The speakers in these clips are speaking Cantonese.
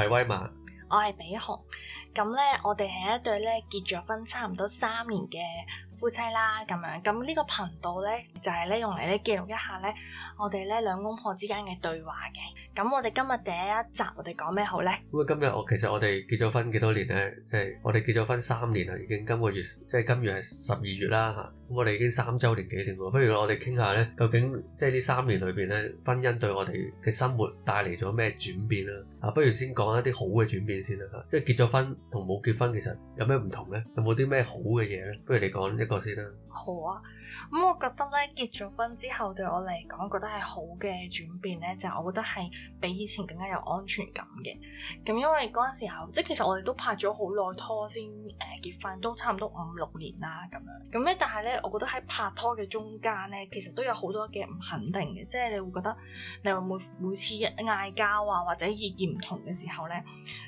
係威文。我係比雄。咁咧我哋係一對咧結咗婚差唔多三年嘅夫妻啦，咁樣，咁呢個頻道咧就係、是、咧用嚟咧記錄一下咧我哋咧兩公婆之間嘅對話嘅。咁我哋今日第一集我哋講咩好咧？咁啊，今日我其實我哋結咗婚幾多年咧？即係我哋結咗婚三年啦，已經今個月即係今月係十二月啦吓。咁我哋已經三周年紀念喎。不如我哋傾下咧，究竟即係呢三年裏邊咧，婚姻對我哋嘅生活帶嚟咗咩轉變啦？啊，不如先講一啲好嘅轉變先啦。即係結咗婚同冇結婚其實有咩唔同咧？有冇啲咩好嘅嘢咧？不如你講一個先啦。好啊。咁我覺得咧，結咗婚之後對我嚟講，覺得係好嘅轉變咧，就我覺得係。就是比以前更加有安全感嘅，咁因為嗰陣時候，即係其實我哋都拍咗好耐拖先誒結婚，都差唔多五六年啦咁樣。咁咧但係咧，我覺得喺拍拖嘅中間咧，其實都有好多嘅唔肯定嘅，即係你會覺得你每每次嗌交啊或者意見唔同嘅時候咧，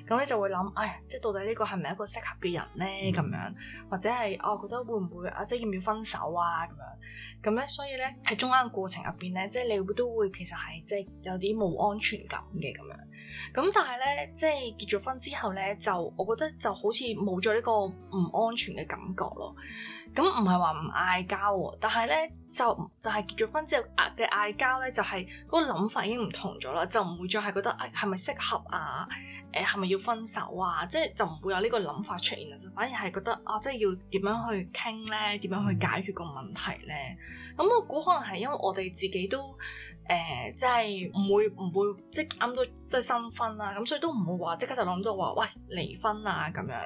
咁你就會諗，哎，即係到底呢個係咪一個適合嘅人咧咁、嗯、樣，或者係我覺得會唔會啊即係要唔要分手啊咁樣，咁咧所以咧喺中間嘅過程入邊咧，即係你會都會其實係即係有啲冇安。安全感嘅咁樣，咁但係咧，即係結咗婚之後咧，就我覺得就好似冇咗呢個唔安全嘅感覺咯。咁唔係話唔嗌交喎，但係咧。就就係結咗婚之後嘅嗌交咧，就係、是、嗰、就是、個諗法已經唔同咗啦，就唔會再係覺得誒係咪適合啊？誒係咪要分手啊？即係就唔、是、會有呢個諗法出現、啊，就反而係覺得啊，即係要點樣去傾咧？點樣去解決個問題咧？咁我估可能係因為我哋自己都誒、呃就是，即係唔會唔會即係啱到即係新婚啦，咁所以都唔會話即刻就諗到話喂離婚啊咁樣。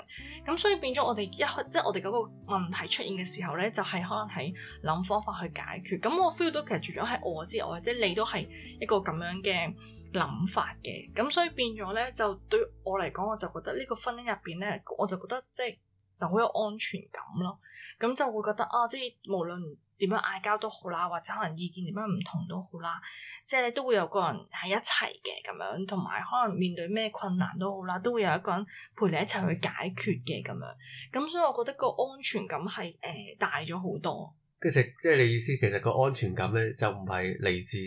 咁所以變咗我哋一即係、就是、我哋嗰個問題出現嘅時候咧，就係、是、可能喺諗方法去，解決咁，我 feel 到其實除咗係我之外，即係你都係一個咁樣嘅諗法嘅。咁所以變咗咧，就對我嚟講，我就覺得呢個婚姻入邊咧，我就覺得即係就好有安全感咯。咁就會覺得啊，即係無論點樣嗌交都好啦，或者可能意見點樣唔同都好啦，即係你都會有個人喺一齊嘅咁樣，同埋可能面對咩困難都好啦，都會有一個人陪你一齊去解決嘅咁樣。咁所以我覺得個安全感係誒大咗好多。即係，你意思，其實個安全感咧就唔係嚟自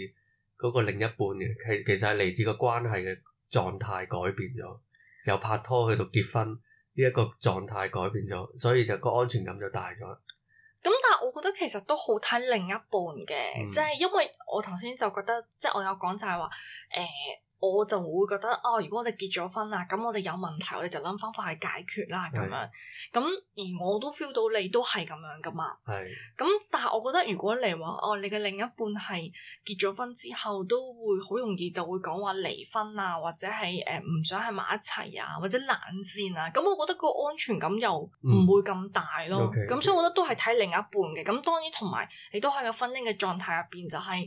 嗰個另一半嘅，其其實係嚟自個關係嘅狀態改變咗，由拍拖去到結婚呢一、個狀態改變咗，所以就個安全感就大咗。咁但係我覺得其實都好睇另一半嘅，即係、嗯、因為我頭先就覺得，即、就、係、係、我有講就係話誒。呃我就會覺得啊、哦，如果我哋結咗婚啦，咁我哋有問題，我哋就諗方法去解決啦，咁樣。咁係。而我都 feel 到你都係咁樣噶嘛。係。咁但係我覺得，如果你話哦，你嘅另一半係結咗婚之後，都會好容易就會講話離婚啊，或者係誒唔想喺埋一齊啊，或者冷戰啊，咁我覺得個安全感又唔會咁大咯。咁、嗯 okay, okay. 所以，我覺得都係睇另一半嘅。咁當然同埋你都喺個婚姻嘅狀態入邊，就係。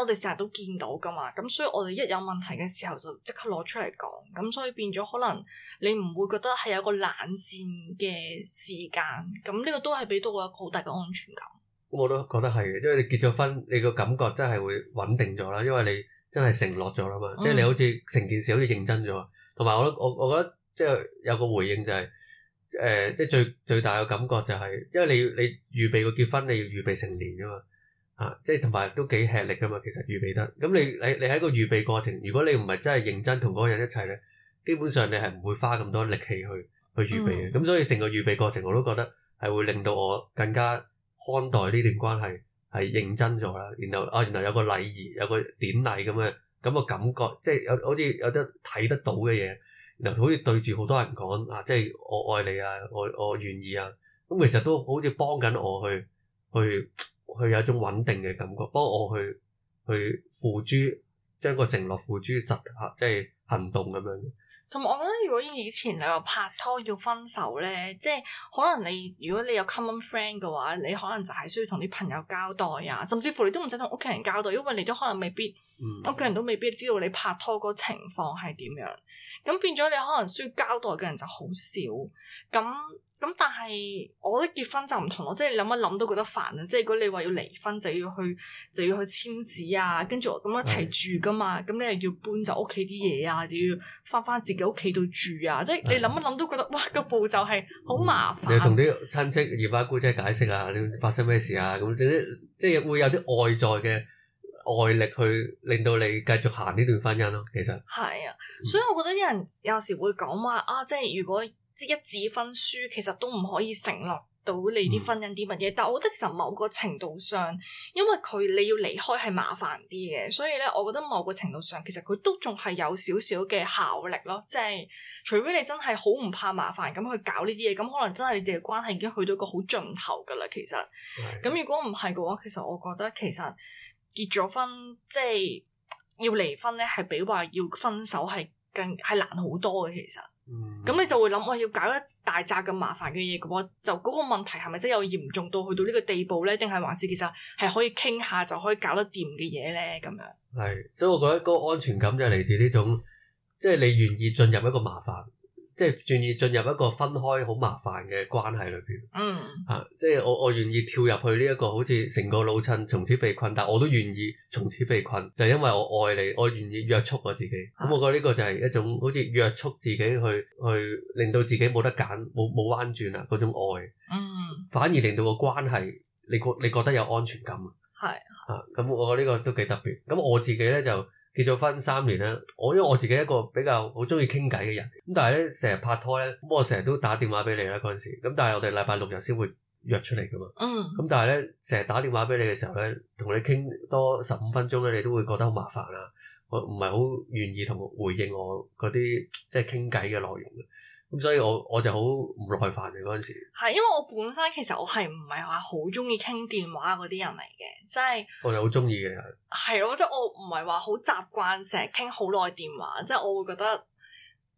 我哋成日都見到噶嘛，咁所以我哋一有問題嘅時候就即刻攞出嚟講，咁所以變咗可能你唔會覺得係有個冷戰嘅時間，咁呢個都係俾到我一個好大嘅安全感。我都覺得係，因為你結咗婚，你個感覺真係會穩定咗啦，因為你真係承諾咗啦嘛，嗯、即係你好似成件事好似認真咗，同埋我我我覺得即係有個回應就係、是、誒、呃，即係最最大嘅感覺就係、是，因為你你預備個結婚，你要預備成年噶嘛。即係同埋都幾吃力噶嘛，其實預備得咁，你你你喺個預備過程，如果你唔係真係認真同嗰個人一齊咧，基本上你係唔會花咁多力氣去去預備嘅。咁、嗯、所以成個預備過程，我都覺得係會令到我更加看待呢段關係係認真咗啦。然後啊，然後有個禮儀，有個典禮咁嘅咁嘅感覺，即係有好似有得睇得到嘅嘢，然後好似對住好多人講啊，即係我愛你啊，我我，我願意啊。咁其實都好似幫緊我去去。去佢有一種穩定嘅感覺，不過我去去付諸將個承諾付諸實行即係行動咁樣。同埋我覺得，如果以前你話拍拖要分手咧，即係可能你如果你有 common friend 嘅話，你可能就係需要同啲朋友交代啊，甚至乎你都唔使同屋企人交代，因為你都可能未必，屋企、嗯、人都未必知道你拍拖嗰情況係點樣。咁變咗你可能需要交代嘅人就好少。咁咁但係我覺得結婚就唔同咯，即係諗一諗都覺得煩啊！即係如果你話要離婚就要，就要去就要去簽字啊，跟住咁一齊住噶嘛，咁的你又要搬走屋企啲嘢啊，就要翻翻自己屋企度住啊！的即係你諗一諗都覺得哇，這個步驟係好麻煩，嗯。你同啲親戚姨媽姑姐解釋啊，你發生咩事啊？咁總之即係會有啲外在嘅外力去令到你繼續行呢段婚姻咯，啊。其實係啊，所以我覺得啲人有時會講話啊，即係如果。即一紙婚書，其實都唔可以承諾到你啲婚姻啲乜嘢。嗯、但我覺得其實某個程度上，因為佢你要離開係麻煩啲嘅，所以咧，我覺得某個程度上，其實佢都仲係有少少嘅效力咯。即係除非你真係好唔怕麻煩咁去搞呢啲嘢，咁可能真係你哋嘅關係已經去到個好盡頭噶啦。其實，咁是的 如果唔係嘅話，其實我覺得其實結咗婚即係要離婚咧，係比話要分手係更係難好多嘅其實。咁、嗯、你就會諗，我要搞一大紮咁麻煩嘅嘢嘅話，就嗰個問題係咪真係有嚴重到去到呢個地步呢？定係還是其實係可以傾下就可以搞得掂嘅嘢呢？咁樣係，所以我覺得嗰個安全感就嚟自呢種，即、就、係、是、你願意進入一個麻煩。即係願意進入一個分開好麻煩嘅關係裏邊，嗯，嚇，即係我我願意跳入去呢、這、一個好似成個老襯從此被困，但我都願意從此被困，就係、因為我愛你，我願意約束我自己。咁我覺得呢個就係一種好似約束自己去去令到自己冇得揀，冇冇彎轉啊嗰種愛。嗯，反而令到個關係你覺你覺得有安全感。係是啊，啊，咁我覺得呢個都幾特別。咁我自己咧就。結咗婚三年啦，我因為我自己一個比較好鍾意傾偈嘅人，咁但係咧成日拍拖咧，咁我成日都打電話俾你啦嗰陣時，咁但係我哋禮拜六日先會約出嚟㗎嘛，咁但係咧成日打電話俾你嘅時候咧，同你傾多十五分鐘咧，你都會覺得好麻煩啦，我唔係好願意同回應我嗰啲即係傾偈嘅內容啊。咁所以我我就好唔耐煩嘅嗰陣時，係因為我本身其實我係唔係話好中意傾電話嗰啲人嚟嘅，即係我就好中意嘅人，係咯，即係我唔係話好習慣成日傾好耐電話，即係我會覺得，誒、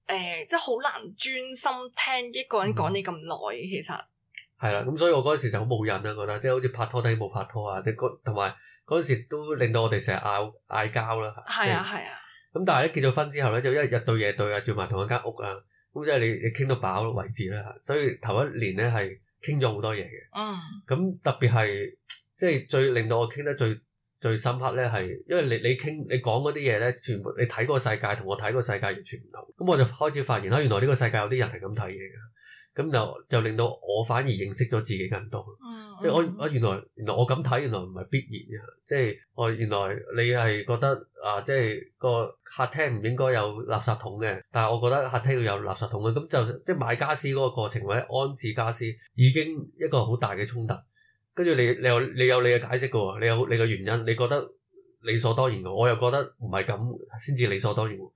呃，即係好難專心聽一個人講你咁耐，嗯、其實係啦，咁所以我嗰陣時就好冇癮啦，覺得即係好似拍拖都冇拍拖啊，即同埋嗰陣時都令到我哋成日嗌嗌交啦，係啊係啊，咁但係咧結咗婚之後咧就一日對夜對啊，住埋同一間屋啊。咁即係你你傾到飽為止啦，所以頭一年咧係傾咗好多嘢嘅。嗯，咁特別係即係最令到我傾得最最深刻咧，係因為你你傾你講嗰啲嘢咧，全部你睇嗰個世界同我睇嗰個世界完全唔同。咁我就開始發現啦，原來呢個世界有啲人係咁睇嘢嘅。咁就就令到我反而認識咗自己更多，嗯、即係我我、嗯、原來原來我咁睇，原來唔係必然嘅，即係我原來你係覺得啊，即係個客廳唔應該有垃圾桶嘅，但係我覺得客廳要有垃圾桶嘅。咁就即係買傢俬嗰個過程或者安置傢俬已經一個好大嘅衝突。跟住你你有你有你嘅解釋嘅喎，你有你嘅原因，你覺得理所當然嘅，我又覺得唔係咁先至理所當然。咁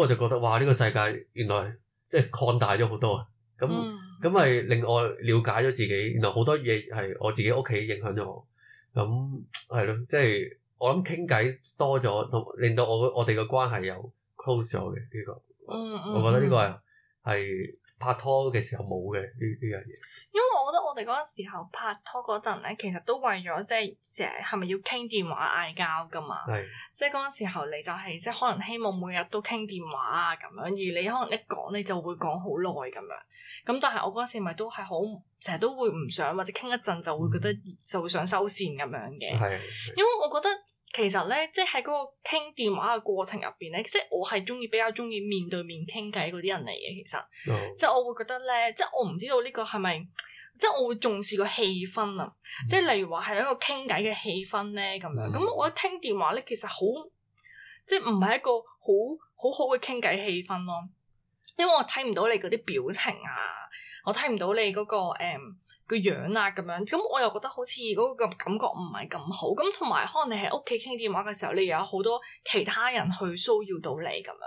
我就覺得哇！呢、呢個世界原來即係擴大咗好多啊！咁咁係令我了解咗自己，原來好多嘢係我自己屋企影響咗我，咁係咯，即係我諗傾偈多咗，令到我我哋嘅關係又 close 咗嘅呢個，我覺得呢個係。係拍拖嘅時候冇嘅呢呢樣嘢，因為我覺得我哋嗰陣時候拍拖嗰陣咧，其實都為咗即係成日係咪要傾電話嗌交㗎嘛？係是 即係嗰陣時候你就係、是、即係可能希望每日都傾電話啊咁樣，而你可能一講你就會講好耐咁樣。咁但係我嗰陣時咪都係好成日都會唔想或者傾一陣就會覺得就會想收線咁樣嘅，嗯、因為我覺得。其實咧，即係喺嗰個傾電話嘅過程入邊咧，即係我係中意比較中意面對面傾偈嗰啲人嚟嘅。其實，即係、oh. 我會覺得咧，即係我唔知道呢個係咪，即係我會重視個氣氛啊。即係、mm. 例如話係一個傾偈嘅氣氛咧咁樣，咁、mm. 我覺得傾電話咧其實好，即係唔係一個好好好嘅傾偈氣氛咯。因為我睇唔到你嗰啲表情啊，我睇唔到你嗰個、um, 個樣啊，咁樣，咁我又覺得好似嗰個感覺唔係咁好，咁同埋可能你喺屋企傾電話嘅時候，你又有好多其他人去騷擾到你咁樣，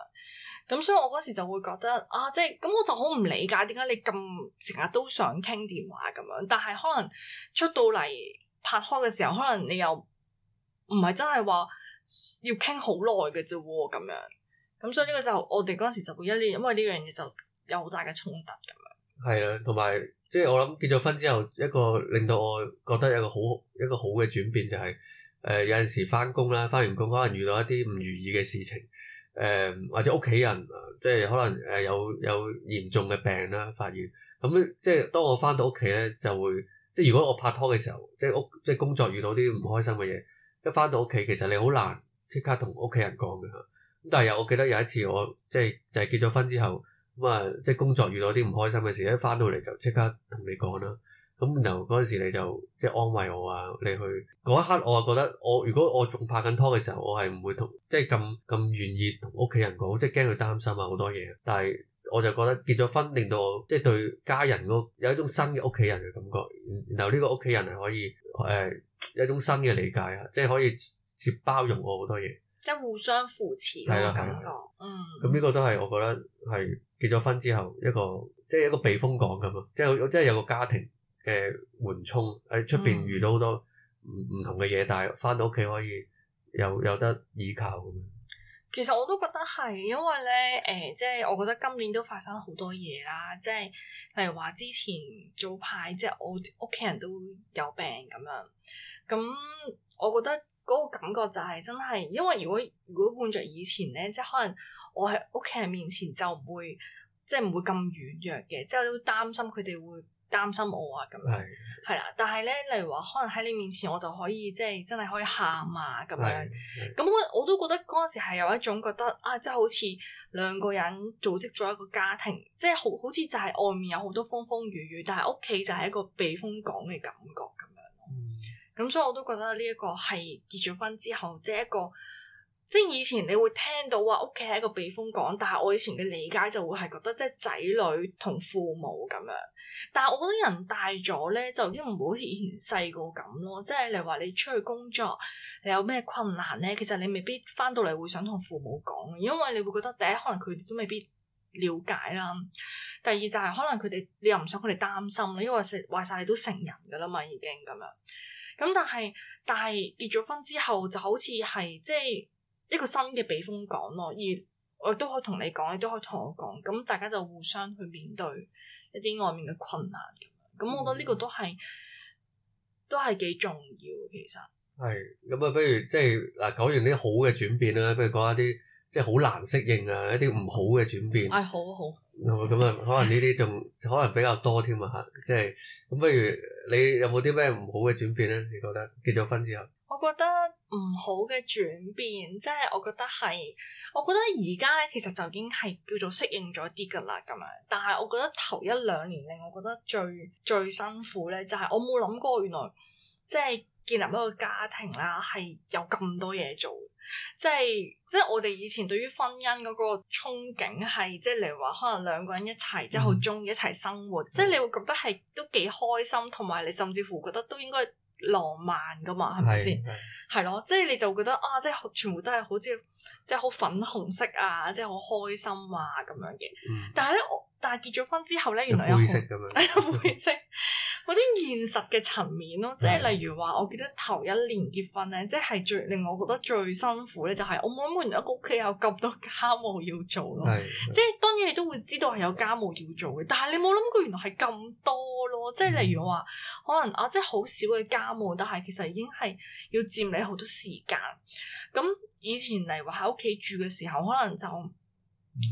咁所以我嗰時就會覺得啊，即係咁我就好唔理解點解你咁成日都想傾電話咁樣，但係可能出到嚟拍拖嘅時候，可能你又唔係真係話要傾好耐嘅啫，咁樣，咁所以呢個就我哋嗰時就會一呢，因為呢樣嘢就有好大嘅衝突咁樣。係啦，同埋。即係我諗結咗婚之後，一個令到我覺得一個好一個好嘅轉變就係，誒有陣時返工啦，返完工可能遇到一啲唔如意嘅事情，誒、呃、或者屋企人即係可能誒有有嚴重嘅病啦，發現咁、嗯、即係當我返到屋企咧，就會即係如果我拍拖嘅時候，即係屋即係工作遇到啲唔開心嘅嘢，一返到屋企其實你好難即刻同屋企人講㗎。咁但係我記得有一次我即係就係結咗婚之後。咁啊，即係工作遇到啲唔開心嘅事，一翻到嚟就即刻同你講啦。咁就嗰陣時你就即係安慰我啊，你去嗰一刻我就覺得我如果我仲拍緊拖嘅時候，我係唔會同即係咁咁願意同屋企人講，即係驚佢擔心啊好多嘢。但係我就覺得結咗婚令到我即係對家人嗰有一種新嘅屋企人嘅感覺。然後呢個屋企人係可以誒有、嗯、一種新嘅理解啊，即係可以接包容我好多嘢，即係互相扶持嘅感覺。係啊係啊係啊、嗯，咁呢個都係我覺得。嗯係結咗婚之後，一個即係一個避風港咁嘛，即係即係有個家庭嘅緩衝，喺出邊遇到好多唔唔同嘅嘢，嗯、但係返到屋企可以有有得依靠咁。其實我都覺得係，因為呢誒、呃，即係我覺得今年都發生好多嘢啦，即係例如話之前早排即係我屋企人都有病咁樣，咁我覺得。嗰個感覺就係真係，因為如果如果換著以前咧，即係可能我喺屋企人面前就唔會，即係唔會咁軟弱嘅，即係都擔心佢哋會擔心我啊咁樣，係啦是的。但係咧，例如話可能喺你面前，我就可以即係真係可以喊啊咁樣。咁是的 我我都覺得嗰陣時係有一種覺得啊，即係好似兩個人組織咗一個家庭，即係好好似就係外面有好多風風雨雨，但係屋企就係一個避風港嘅感覺咁。咁、嗯、所以我都覺得呢一個係結咗婚之後，即、就、係、是、一個即係、就是、以前你會聽到話屋企係一個避風港，但係我以前嘅理解就會係覺得即係仔女同父母咁樣。但係我覺得人大咗咧，就已經唔會好似以前細個咁咯。即係你話你出去工作，你有咩困難咧？其實你未必翻到嚟會想同父母講，因為你會覺得第一可能佢哋都未必了解啦。第二就係可能佢哋你又唔想佢哋擔心，因為話晒你都成人噶啦嘛，已經咁樣。咁但係但係結咗婚之後就好似係即係一個新嘅避風港咯。而我都可以同你講，你都可以同我講，咁大家就互相去面對一啲外面嘅困難咁。咁我覺得呢個、嗯、都係都係幾重要。其實係咁啊，不如即係嗱，講完啲好嘅轉變啦，不如講下啲即係好難適應啊，一啲唔好嘅轉變。係好啊好。咁啊、 嗯，可能呢啲仲可能比較多添啊，即係咁。不如你有冇啲咩唔好嘅轉變咧？你覺得結咗婚之後我、就是我，我覺得唔好嘅轉變，即係我覺得係，我覺得而家咧其實就已經係叫做適應咗啲噶啦咁樣。但係我覺得頭一兩年令我覺得最最辛苦咧，就係、是、我冇諗過原來即係、就是、建立一個家庭啦，係有咁多嘢做。即係即係我哋以前對於婚姻嗰個憧憬係，即、就、係、是、例如話可能兩個人一齊即係好中意一齊生活，即係、嗯、你會覺得係都幾開心，同埋你甚至乎覺得都應該浪漫噶嘛，係咪先？係咯，即係、就是、你就覺得啊，即、就、係、是、全部都係好似。即係好粉紅色啊，即係好開心啊，咁樣嘅、嗯。但係咧，我但係結咗婚之後咧，原來有灰色咁樣，灰色嗰啲現實嘅層面咯。即係例如話，我記得頭一年結婚咧，即係最令我覺得最辛苦咧，就係、是、我冇諗過原來一個屋企有咁多家務要做咯。是是是即係當然你都會知道係有家務要做嘅，但係你冇諗過原來係咁多咯。即係例如話，可能啊，即係好少嘅家務，但係其實已經係要佔你好多時間咁。嗯以前嚟話喺屋企住嘅時候，可能就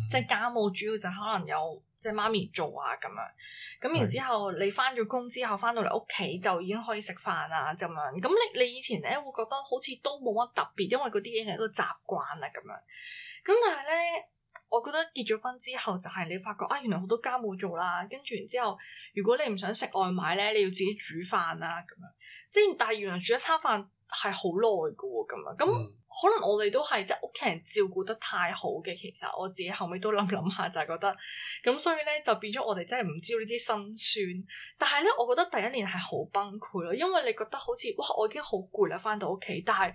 即係、嗯、家務主要就可能有即係媽咪做啊咁樣，咁然之後你翻咗工之後翻到嚟屋企就已經可以食飯啦咁樣，咁你你以前咧會覺得好似都冇乜特別，因為嗰啲嘢已經係一個習慣啦咁樣。咁但係咧，我覺得結咗婚之後就係你發覺啊，原來好多家務做啦，跟住然之後如果你唔想食外賣咧，你要自己煮飯啦咁樣。即係但係原來煮一餐飯係好耐㗎喎咁樣咁。可能我哋都係即係屋企人照顧得太好嘅，其實我自己後尾都諗諗下就係、是、覺得咁，所以咧就變咗我哋真係唔知呢啲辛酸。但係咧，我覺得第一年係好崩潰咯，因為你覺得好似哇，我已經好攰啦，返到屋企，但係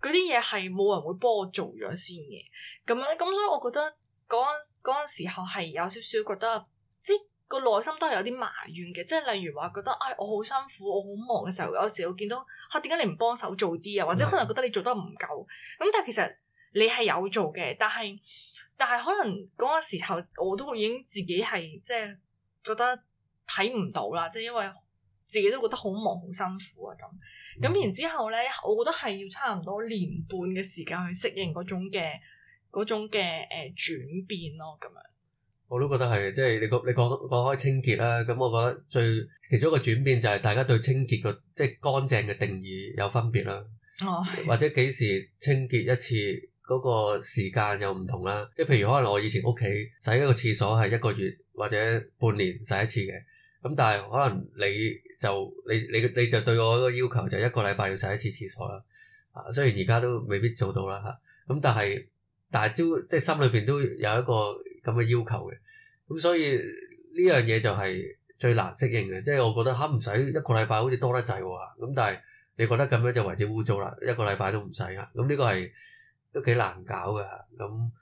嗰啲嘢係冇人會幫我做咗先嘅。咁樣咁，所以我覺得嗰陣嗰時候係有少少覺得即。個內心都係有啲埋怨嘅，即係例如話覺得，唉、哎，我好辛苦，我好忙嘅時候，有時我見到嚇點解你唔幫手做啲啊？或者可能覺得你做得唔夠，咁但係其實你係有做嘅，但係但係可能嗰個時候我都已經自己係即係覺得睇唔到啦，即係因為自己都覺得好忙好辛苦啊咁咁。然之後咧，我覺得係要差唔多年半嘅時間去適應嗰種嘅嗰種嘅誒、呃、轉變咯，咁樣。我都覺得係，即係你講你講講開清潔啦，咁我覺得最其中一個轉變就係大家對清潔個即係乾淨嘅定義有分別啦。哎、或者幾時清潔一次嗰個時間又唔同啦。即係譬如可能我以前屋企洗一個廁所係一個月或者半年洗一次嘅，咁但係可能你就你你你就對我個要求就一個禮拜要洗一次廁所啦。啊，雖然而家都未必做到啦嚇，咁、啊、但係但係即係心裏邊都有一個咁嘅要求嘅，咁所以呢樣嘢就係最難適應嘅，即係我覺得嚇唔使一個禮拜好似多得滯喎，咁但係你覺得咁樣就為之污糟啦，一個禮拜都唔使啊，咁呢個係都幾難搞㗎，咁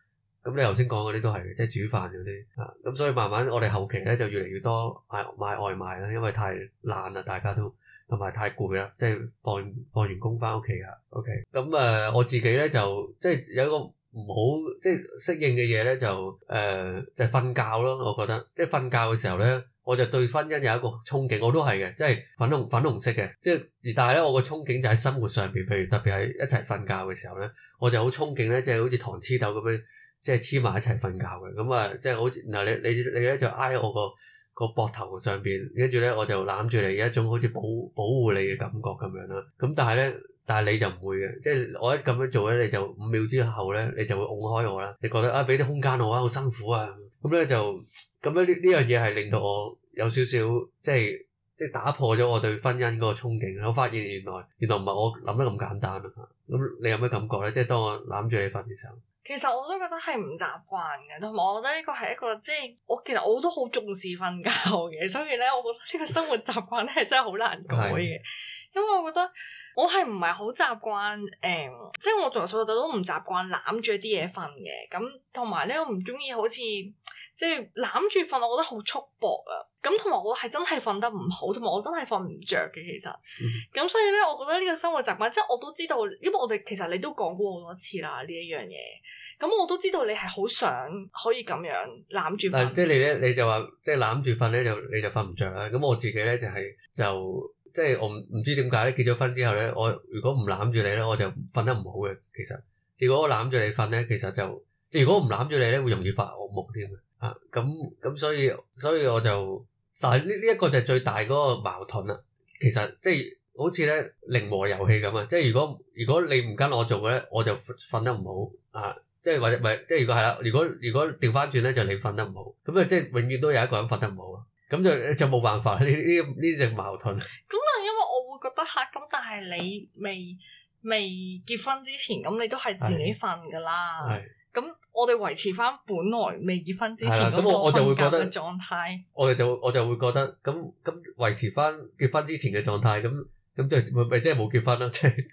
咁你頭先講嗰啲都係即係煮飯嗰啲啊，咁所以慢慢我哋後期咧就越嚟越多買買外賣啦，因為太懶啦，大家都同埋太攰啦，即係放放完工翻屋企呀，OK，咁誒我自己咧就即係有一個。唔好即係適應嘅嘢咧，就誒、呃、就係、是、瞓覺咯。我覺得即係瞓覺嘅時候咧，我就對婚姻有一個憧憬。我都係嘅，即係粉紅粉紅色嘅。即係而但係咧，我個憧憬就喺生活上邊，譬如特別係一齊瞓覺嘅時候咧，我就好憧憬咧，即係好似糖黐豆咁樣，即係黐埋一齊瞓覺嘅。咁啊，即係好似，然後你你你咧就挨喺我個個膊頭上邊，跟住咧我就攬住你，有一種好似保保護你嘅感覺咁樣啦。咁但係咧。但係你就唔會嘅，即係我一咁樣做咧，你就五秒之後咧，你就會拱開我啦。你覺得啊，俾啲空間我啊，好辛苦啊，咁咧就咁樣呢呢樣嘢係令到我有少少即係即係打破咗我對婚姻嗰個憧憬。我發現原來原來唔係我諗得咁簡單啊。咁你有咩感覺咧？即係當我攬住你瞓嘅時候，其實我都覺得係唔習慣嘅，同埋我覺得呢個係一個即係我其實我都好重視瞓覺嘅，所以咧我覺得呢個生活習慣咧係真係好難改嘅。 因為我覺得我係唔係好習慣，誒、嗯，即係我從細到大都唔習慣攬住啲嘢瞓嘅，咁同埋咧，我唔中意好似即係攬住瞓，我覺得好束縛啊。咁同埋我係真係瞓得唔好，同埋我真係瞓唔着嘅。其實，咁所以咧，我覺得呢個生活習慣，即係我都知道，因為我哋其實你都講過好多次啦呢一樣嘢。咁我都知道你係好想可以咁樣攬住瞓，即係你咧，你就話即係攬住瞓咧，就你就瞓唔着啦。咁我自己咧就係、是、就。即係我唔唔知點解咧，結咗婚之後咧，我如果唔攬住你咧，我就瞓得唔好嘅。其實，如果我攬住你瞓咧，其實就即係如果我唔攬住你咧，會容易發惡夢添啊。咁、嗯、咁、嗯、所以所以我就就呢呢一個就係最大嗰個矛盾啦。其實即係好似咧零和遊戲咁啊。即係如果如果你唔跟我做嘅咧，我就瞓得唔好啊。即係或者唔係，即係如果係啦，如果如果調翻轉咧，就你瞓得唔好。咁啊，即係永遠都有一個人瞓得唔好。咁就就冇辦法呢呢呢隻矛盾。咁啊，因為我會覺得吓，咁但係你未未結婚之前，咁你都係自己瞓噶啦。咁是的 我哋維持翻本來未結婚之前嗰個框架嘅狀態。我哋就我就會覺得咁咁維持翻結婚之前嘅狀態，咁咁就咪即係冇結婚啦，即係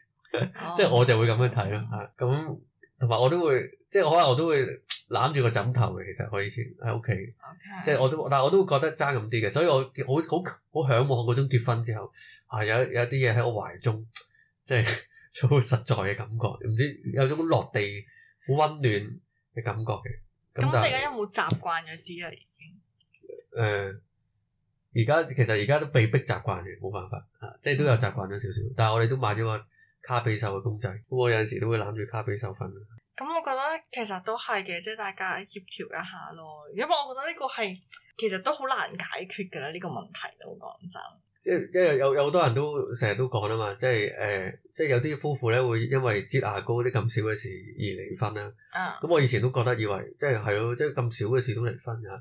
即係我就會咁樣睇啦。吓咁。同埋我都會，即係我可能我都會攬住個枕頭嘅。其實我以前喺屋企，Okay. 即係我都，但係我都會覺得爭咁啲嘅。所以我好好好向往嗰種結婚之後啊，有有啲嘢喺我懷中，即係好實在嘅感覺。唔知有種落地好温暖嘅感覺嘅。咁我哋而家有冇習慣咗啲啊？已經誒，而家其實而家都被逼習慣嘅，冇辦法啊，即係都有習慣咗少少。但係我哋都買咗個卡比獸嘅公仔，我有陣時都會攬住卡比獸瞓。咁我覺得其實都係嘅，即係大家協調一下咯。因為我覺得呢個係其實都好難解決嘅啦，呢、這個問題都講真。即係即係有有好多人都成日都講啊嘛，即係誒、呃，即係有啲夫婦咧會因為擠牙膏啲咁少嘅事而離婚啦。啊！咁、啊、我以前都覺得以為即係係咯，即係咁少嘅事都離婚噶、啊，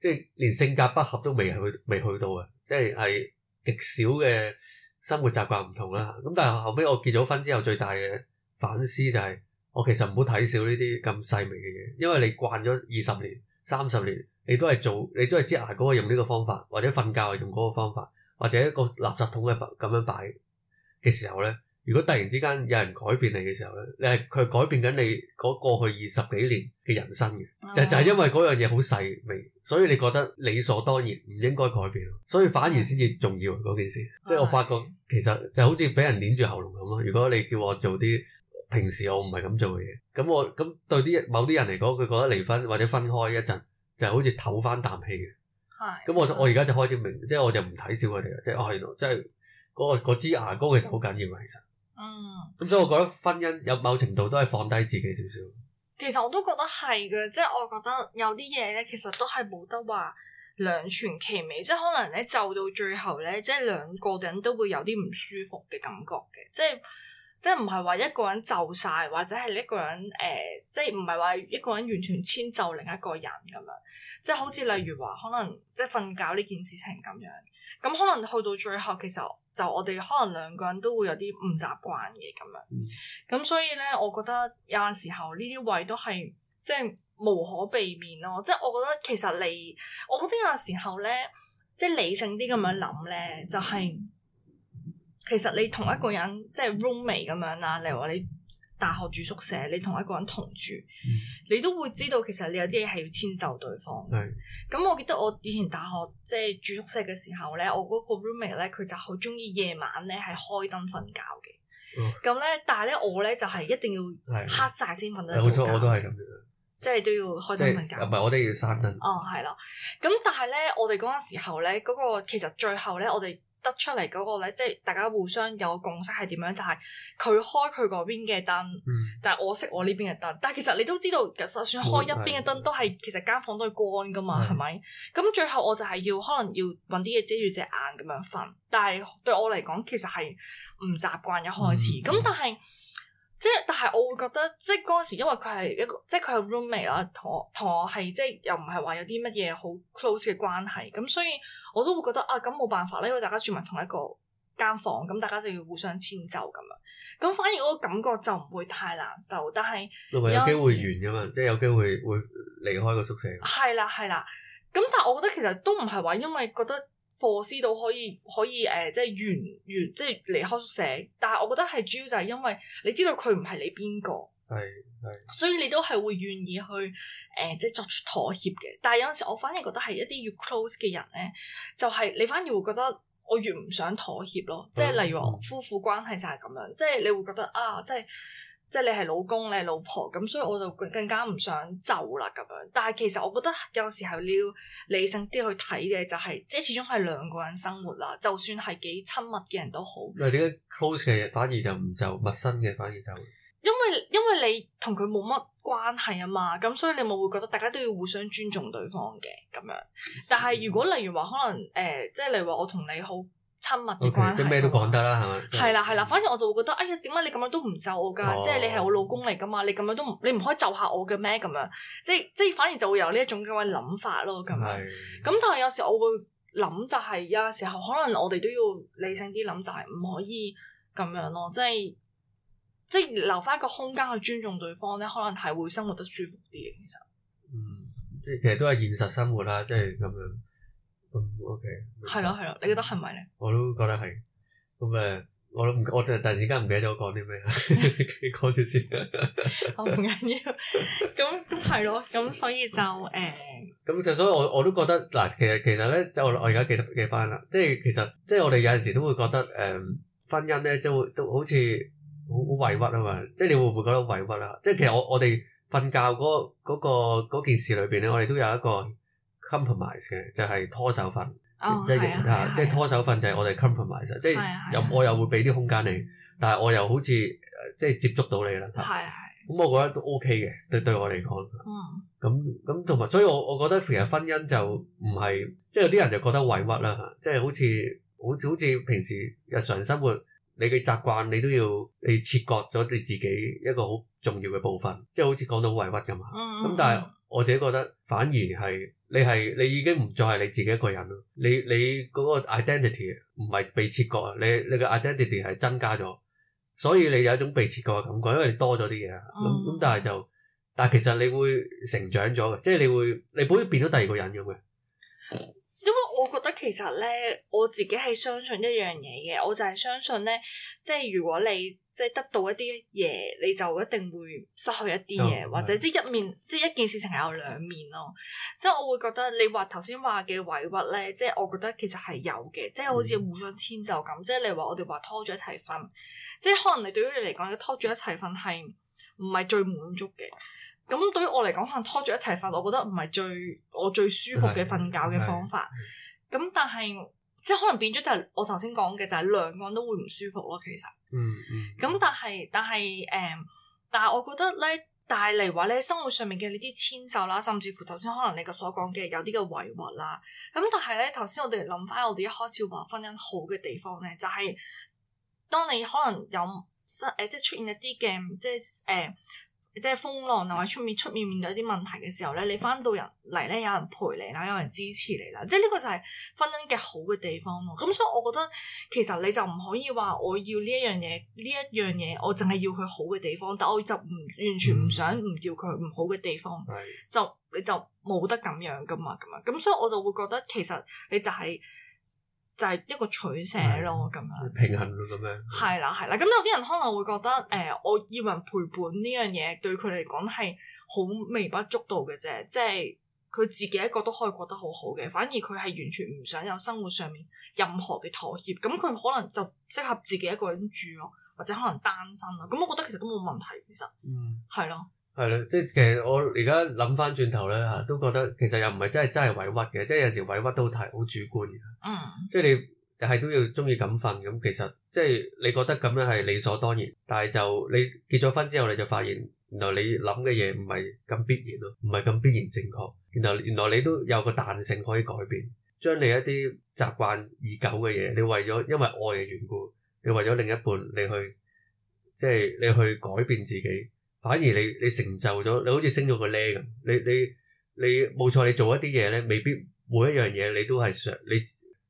即係連性格不合都未去未去到啊，即係係極少嘅。生活習慣唔同啦，咁但係後尾我結咗婚之後，最大嘅反思就係、是、我其實唔好睇少呢啲咁細微嘅嘢，因為你慣咗二十年、三十年，你都係做，你都係擠牙膏用呢個方法，或者瞓覺用嗰個方法，或者個垃圾桶係擺咁樣擺嘅時候咧。如果突然之間有人改變你嘅時候咧，你係佢改變緊你嗰過去二十幾年嘅人生嘅，嗯、就就係因為嗰樣嘢好細微，所以你覺得理所當然唔應該改變，所以反而先至重要嗰、嗯、件事。即係我發覺其實就好似俾人捏住喉嚨咁咯。如果你叫我做啲平時我唔係咁做嘅嘢，咁我咁對啲某啲人嚟講，佢覺得離婚或者分開一陣，就好似唞翻啖氣嘅。係、嗯。咁我我而家就開始明，即係我就唔睇小佢哋啦。即係哦、啊，原來即係嗰個支牙膏、嗯、其實好緊要啊，其實。嗯，咁所以我覺得婚姻有某程度都係放低自己少少、嗯。其實我都覺得係嘅，即係我覺得有啲嘢咧，其實都係冇得話兩全其美，即係可能咧就到最後咧，即係兩個人都會有啲唔舒服嘅感覺嘅，即係即係唔係話一個人就晒，或者係一個人誒，即係唔係話一個人完全遷就另一個人咁樣，即係好似例如話可能即係瞓覺呢件事情咁樣。咁可能去到最後，其實就我哋可能兩個人都會有啲唔習慣嘅咁樣。咁，嗯，所以咧，我覺得有陣時候呢啲位都係即係無可避免咯。即係我覺得其實你，我覺得有陣時候咧，即係理性啲咁樣諗咧，就係其實你同一個人即係 roommate 咁樣啦，例如話你，大學住宿舍，你同一個人同住，嗯、你都會知道其實你有啲嘢係要遷就對方。咁的我記得我以前大學即係、就是、住宿舍嘅時候咧，我嗰個 roommate 咧佢就好鍾意夜晚咧係開燈瞓覺嘅。咁咧、哦，但係咧我咧就係一定要黑晒先瞓得覺。冇錯我都係咁樣，即係都要開燈瞓覺。唔係我哋要閂燈。哦，係啦。咁但係咧，我哋嗰陣時候咧，嗰、那個其實最後咧，我哋。得出嚟嗰個咧，即係大家互相有個共識係點樣？就係、是、佢開佢嗰邊嘅燈、嗯、燈，但係我熄我呢邊嘅燈。但係其實你都知道，就算開一邊嘅燈，嗯、都係其實間房都係光㗎嘛，係咪、嗯？咁最後我就係要可能要揾啲嘢遮住隻眼咁樣瞓。但係對我嚟講，其實係唔習慣嘅開始。咁、嗯、但係即係，但係我會覺得，即係嗰陣時，因為佢係一個，即係佢係 roommate 啦，同我同我係即係又唔係話有啲乜嘢好 close 嘅關係。咁所以。我都會覺得啊，咁冇辦法啦，因為大家住埋同一個間房，咁大家就要互相遷就咁樣，咁反而嗰個感覺就唔會太難受。但係有機會完嘅嘛，即係有機會會離開個宿舍。係啦係啦，咁但係我覺得其實都唔係話，因為覺得課師到可以可以誒，即係完完即係離開宿舍。但係我覺得係主要就係因為你知道佢唔係你邊個。係係，所以你都係會願意去誒、呃，即係作出妥協嘅。但係有陣時，我反而覺得係一啲越 close 嘅人咧，就係、是、你反而會覺得我越唔想妥協咯。即係例如話夫婦關係就係咁樣，嗯、即係你會覺得啊，即係即係你係老公，你係老婆咁，所以我就更加唔想就啦咁樣。但係其實我覺得有陣時候你要理性啲去睇嘅，、就是，就係即係始終係兩個人生活啦。就算係幾親密嘅人都好。但係點解 close 嘅反而就唔就，陌生嘅反而就？因為因為你同佢冇乜關係啊嘛，咁所以你咪會覺得大家都要互相尊重對方嘅咁樣。但係如果例如話可能誒、呃，即係例如話我同你好親密嘅關係，okay, 即咩都講得啦，係咪、嗯？係啦係啦，反而我就會覺得，哎呀，點解你咁樣都唔就我噶？哦、即係你係我老公嚟噶嘛？你咁樣都唔，你唔可以就下我嘅咩？咁樣即係即係反而就會有呢一種咁嘅諗法咯，咁樣。咁係咁但係有時我會諗就係、係、有陣時候可能我哋都要理性啲諗，就係唔可以咁樣咯，即係。即係留翻個空間去尊重對方咧，可能係會生活得舒服啲嘅。其實，嗯，即係其實都係現實生活啦，即係咁樣。咁 OK，係咯，係咯，你覺得係咪咧？我都覺得係。咁誒，我唔，我突然間唔記得咗講啲咩，講住先。唔緊要，咁咁係咯，咁所以就誒，咁就所以我我都覺得嗱，其實其實咧，即係我而家記得記翻啦，即係其實即係我哋有陣時都會覺得誒，婚姻咧都會都好似。好好委屈啊嘛！即係你會唔會覺得委屈啊？即係其實我我哋瞓覺嗰、嗰個件事裏邊咧，我哋都有一個 compromise 嘅，就係、係、拖手瞓，哦、即係、啊啊、即係拖手瞓就係我哋 compromise，啊、即係又我又會俾啲空間你，啊、但係我又好似即係接觸到你啦。係啊，咁我覺得都 OK 嘅，對對我嚟講。咁咁同埋，所以我我覺得其實婚姻就唔係，即係有啲人就覺得委屈啦、啊，即係好似好似好似平時日常生活。你嘅習慣你都要你切割咗你自己一個好重要嘅部分，即係好似講到好委屈咁啊！咁、mm hmm. 但係我自己覺得反而係你係你已經唔再係你自己一個人，你你嗰個 identity 唔係被切割啊，你你嘅 identity 係增加咗，所以你有一種被切割嘅感覺，因為你多咗啲嘢。咁咁、mm hmm. 但係就，但係其實你會成長咗嘅，即係你會你好似變咗第二個人咁嘅。因為我覺得其實咧，我自己係相信一樣嘢嘅，我就係相信咧，即係如果你即係得到一啲嘢，你就一定會失去一啲嘢，嗯、或者即係一面，嗯、即係一件事情係有兩面咯。即係我會覺得你話頭先話嘅委屈咧，即係我覺得其實係有嘅，即係好似互相遷就咁、嗯。即係你話我哋話拖住一齊瞓，即係可能你對於你嚟講，拖住一齊瞓係唔係最滿足嘅。咁對於我嚟講，可能拖住一齊瞓，我覺得唔係最我最舒服嘅瞓覺嘅方法。咁 但係即係可能變咗就係我頭先講嘅，就係兩個人都會唔舒服咯。其實，嗯咁 但係但係誒，但係、嗯、我覺得咧，大嚟話咧，生活上面嘅呢啲遷就啦，甚至乎頭先可能你嘅所講嘅有啲嘅遺憾啦。咁但係咧，頭先我哋諗翻，我哋一開始話婚姻好嘅地方咧，就係、是、當你可能有誒即係出現一啲嘅即係誒。嗯即係風浪啊，或者出面出面面對一啲問題嘅時候咧，你翻到人嚟咧，有人陪你啦，有人支持你啦，即係呢個就係婚姻嘅好嘅地方咯。咁所以我覺得其實你就唔可以話我要呢一樣嘢、呢一樣嘢，我淨係要佢好嘅地方，但我就唔完全唔想唔要佢唔好嘅地方，mm. 就你就冇得咁樣噶嘛，咁啊咁，所以我就會覺得其實你就係。就係一個取捨咯，咁、嗯、樣平衡咯，咁樣。係啦，係啦，咁有啲人可能會覺得，誒、呃，我要人陪伴呢樣嘢對佢嚟講係好微不足道嘅啫，即係佢自己一個都可以過得好好嘅，反而佢係完全唔想有生活上面任何嘅妥協，咁佢可能就適合自己一個人住咯，或者可能單身咯，咁我覺得其實都冇問題，其實，嗯，係咯。係咯，即係其實我而家諗翻轉頭咧吓，都覺得其實又唔係真係真係委屈嘅，即係有時委屈都好太好主觀嘅、oh。即係你係都要中意咁瞓咁，其實即係你覺得咁樣係理所當然，但係就你結咗婚之後，你就發現，原來你諗嘅嘢唔係咁必然咯，唔係咁必然正確。原來原來你都有個彈性可以改變，將你一啲習慣已久嘅嘢，你為咗因為愛嘅緣故，你為咗另一半，你去即係你去改變自己。反而你你成就咗，你好似升咗個 level 咁。你你你冇錯，你做一啲嘢咧，未必每一樣嘢你都係想你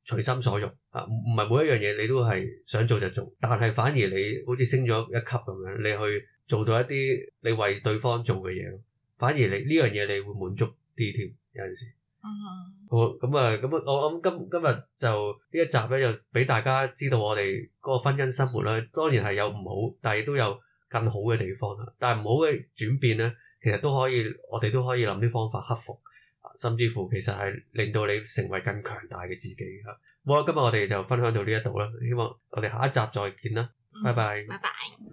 隨心所欲啊，唔唔係每一樣嘢你都係想做就做。但係反而你好似升咗一級咁樣，你去做到一啲你為對方做嘅嘢咯。反而你呢樣嘢你會滿足啲添，有陣時。嗯嗯好咁啊，咁、嗯、啊，我、嗯、諗、嗯、今今日就呢一集咧，就俾大家知道我哋嗰個婚姻生活啦。當然係有唔好，但係亦都有。更好嘅地方啦，但係唔好嘅轉變咧，其實都可以，我哋都可以諗啲方法克服，甚至乎其實係令到你成為更強大嘅自己嚇。好啦，今日我哋就分享到呢一度啦，希望我哋下一集再見啦，嗯，拜拜。拜拜。